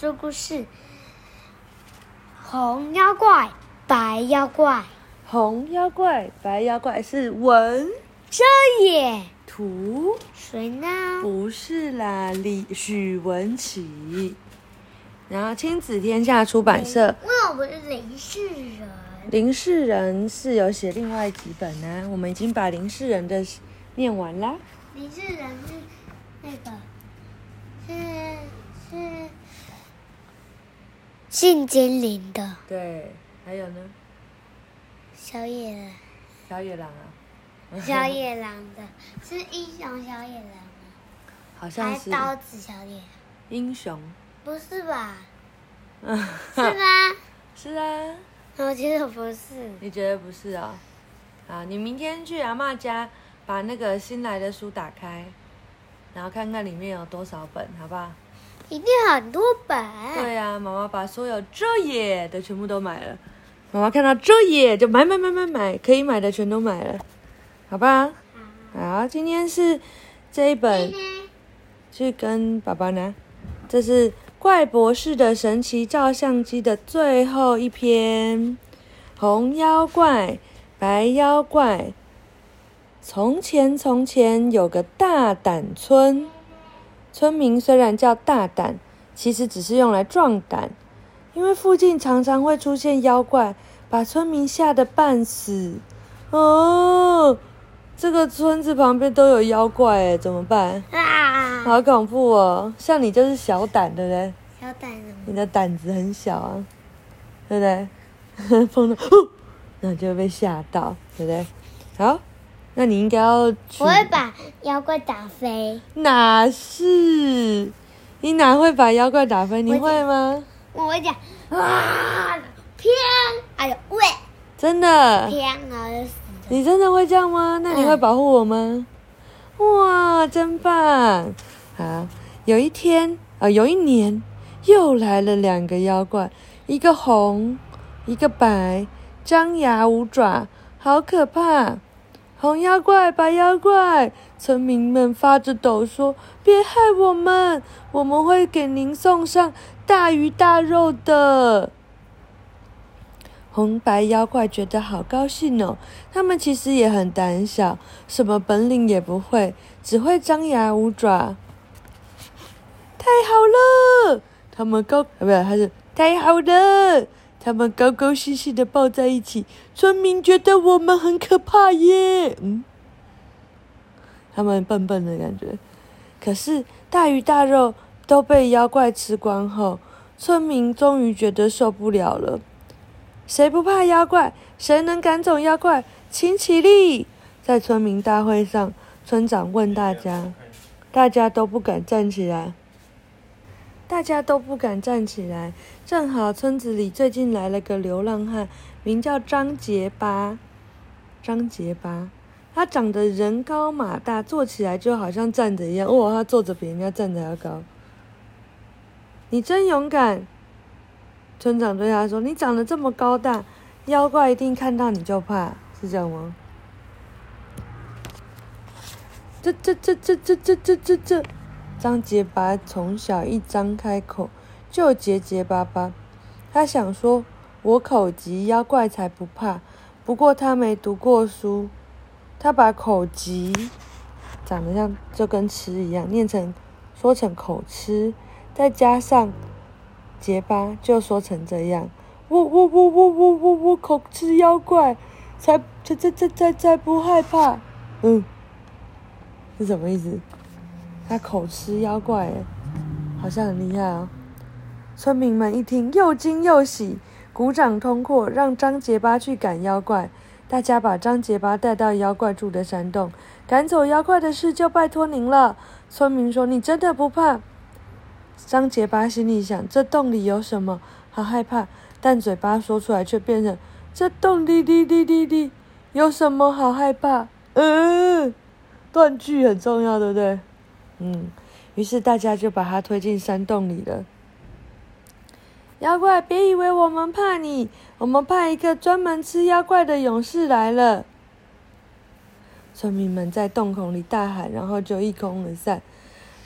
說故事：紅妖怪，白妖怪。紅妖怪，白妖怪是文哲也圖誰呢？不是啦，李許文綺，然後親子天下出版社。我們不是林世仁。林世仁是有寫另外幾本呢、啊，我們已經把林世仁的念完了。林世仁是那個，是是。性精靈的。對，還有呢。小野小野狼啊。小野狼的是，是英雄小野狼嗎、啊？好像是。刀子小野。英雄。不是吧？嗯。 是嗎？是啊。我覺得不是。你覺得不是哦？啊，你明天去阿嬤家，把那個新來的書打開，然後看看裡面有多少本，好不好？一定很多本啊。對呀、啊，媽媽把所有這頁的全部都買了。媽媽看到這頁就買買買買買，可以買的全都買了，好吧？好，好，今天是這一本，去跟爸爸拿。這是怪博士的神奇照相機的最後一篇。紅妖怪，白妖怪。從前從前有個大膽村。村民雖然叫大膽，其實只是用來壯膽，因為附近常常會出現妖怪，把村民嚇得半死。哦，這個村子旁邊都有妖怪哎，怎麼辦？啊！好恐怖哦！像你就是小膽，對不對？小膽、啊、你的膽子很小啊，對不對？啊、 碰到，然、呃、那就被嚇到，對不對？好。那你應該要去，我會把妖怪打飛。哪是？你哪會把妖怪打飛？你會嗎？我會講，會講啊，偏，哎呦喂！真的，偏而死。你真的會這樣嗎？那你會保護我嗎？嗯、哇，真棒！啊，有一天，啊、呃，有一年，又來了兩個妖怪，一個紅，一個白，張牙舞爪，好可怕。紅妖怪、白妖怪，村民們發着抖說：“別害我們，我們會給您送上大魚大肉的。”紅白妖怪覺得好高興哦，他們其實也很膽小，什麼本領也不會，只會張牙舞爪。太好了，他們高、啊、不，他說太好了。他們高高興興的抱在一起，村民覺得，我們很可怕耶。嗯，他們笨笨的感覺。可是大魚大肉都被妖怪吃光後，村民終於覺得受不了了。誰不怕妖怪？誰能趕走妖怪？請起立！在村民大會上，村長問大家，大家都不敢站起來。大家都不敢站起來。正好村子裡最近來了個流浪漢，名叫張結巴。張結巴，他長得人高馬大，坐起來就好像站着一樣。哇、哦，他坐着比人家站着要高。你真勇敢！村長對他說：“你長得這麼高大，妖怪一定看到你就怕，是這樣嗎？”這，這、這，這，這，這，這，這、這、這、這、這、這、這、這、這。張結巴從小一張開口就結結巴巴，他想說：“我口急，妖怪才不怕。”不過他沒讀過書，他把“口急”長得像就跟吃一樣念成、說成“口吃”，再加上結巴，就說成這樣：“我我我我我我我口吃，妖怪才才才才才才不害怕。”嗯，是什麼意思？他口吃妖怪耶，好像很厲害哦。村民們一聽，又驚又喜，鼓掌通過，讓張結巴去趕妖怪。大家把張結巴帶到妖怪住的山洞，趕走妖怪的事就拜託您了。村民說：“你真的不怕？”張結巴心裡想：這洞裡有什麼？好害怕。但嘴巴說出來卻變成：「這洞滴滴滴滴滴有什麼好害怕？嗯、呃，斷句很重要，對不對？嗯，於是大家就把他推進山洞裡了。妖怪，別以為我們怕你，我們派一個專門吃妖怪的勇士來了。村民們在洞口裡大喊，然後就一鬨而散。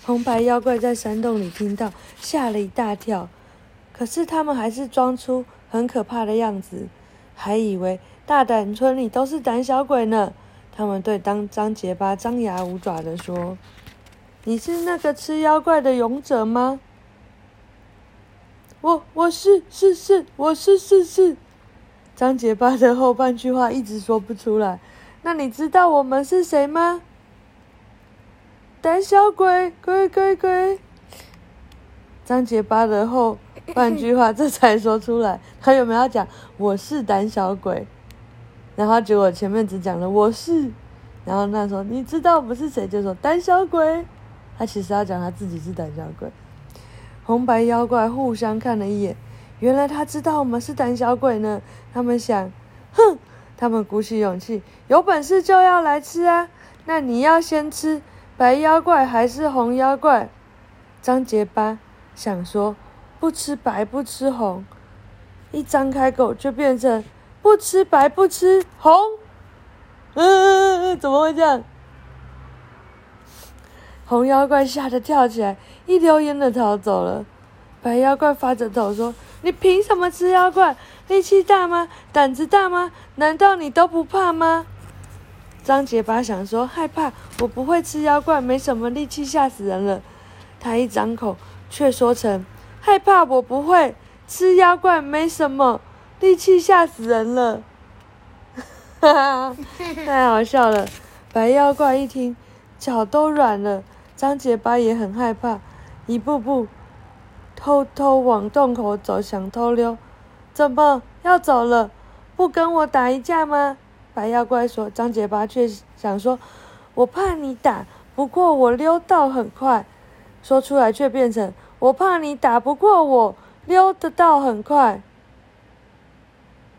紅白妖怪在山洞裡聽到，嚇了一大跳。可是他們還是裝出很可怕的樣子，還以為大膽村裡都是膽小鬼呢。他們對當張結巴張牙舞爪的說。你是那個吃妖怪的勇者嗎？我我是是是，我是是是。張傑巴的後半句話一直說不出來。那你知道我們是誰嗎？膽小鬼鬼鬼鬼。張傑巴的後半句話這才說出來。他有沒有要講我是膽小鬼？然後結果前面只講了我是，然後那說你知道我們是誰，就說膽小鬼。他其實要講他自己是膽小鬼。紅白妖怪互相看了一眼，原來他知道我們是膽小鬼呢。他們想，哼！他們鼓起勇氣，有本事就要來吃啊。那你要先吃白妖怪還是紅妖怪？張結巴想說不吃白不吃紅，一張開口就變成不吃白不吃紅。嗯嗯嗯嗯，怎麼會這樣？紅妖怪嚇得跳起來，一溜煙的逃走了。白妖怪發著抖說：“你憑什麼吃妖怪？力氣大嗎？膽子大嗎？難道你都不怕嗎？”張杰巴想說害怕，我不會吃妖怪，沒什麼力氣，嚇死人了。他一張口卻說成害怕，我不會吃妖怪，沒什麼力氣，嚇死人了。哈哈，太好笑了。白妖怪一聽，腳都軟了。張結巴也很害怕，一步步偷偷往洞口走，想偷溜。怎麼要走了？不跟我打一架嗎？白妖怪說。張結巴卻想說：“我怕你打，不過我溜到很快。”說出來卻變成：“我怕你打不過我，溜得到很快。”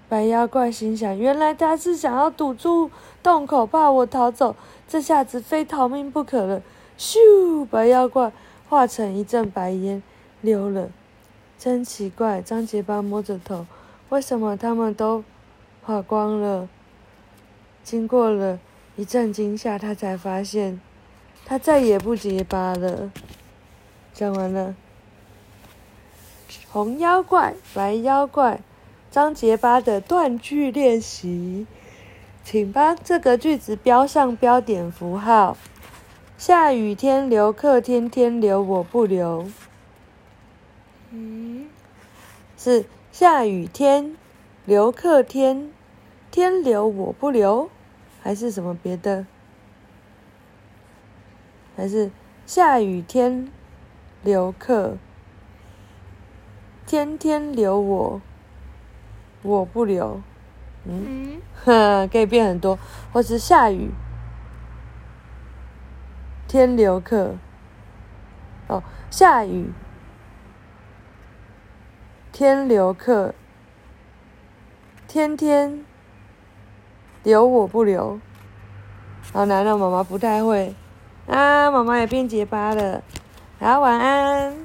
白妖怪心想：原來他是想要堵住洞口，怕我逃走。這下子非逃命不可了。咻！白妖怪化成一陣白煙，溜了。真奇怪，張結巴摸着頭，為什麼他們都化光了？經過了一陣驚嚇，他才發現，他再也不結巴了。講完了。紅妖怪、白妖怪，張結巴的斷句練習，請把這個句子標上標點符號。下雨天留客，天天留我不留，嗯。是下雨天留客天，天留我不留，還是什麼別的？還是下雨天留客，天天留我，我不留。嗯，哈、嗯， 可以變很多，或是下雨。天留客，哦，下雨。天留客，天天留我不留，好、哦、難道媽媽不太會。啊，媽媽也變結巴了。好，晚安。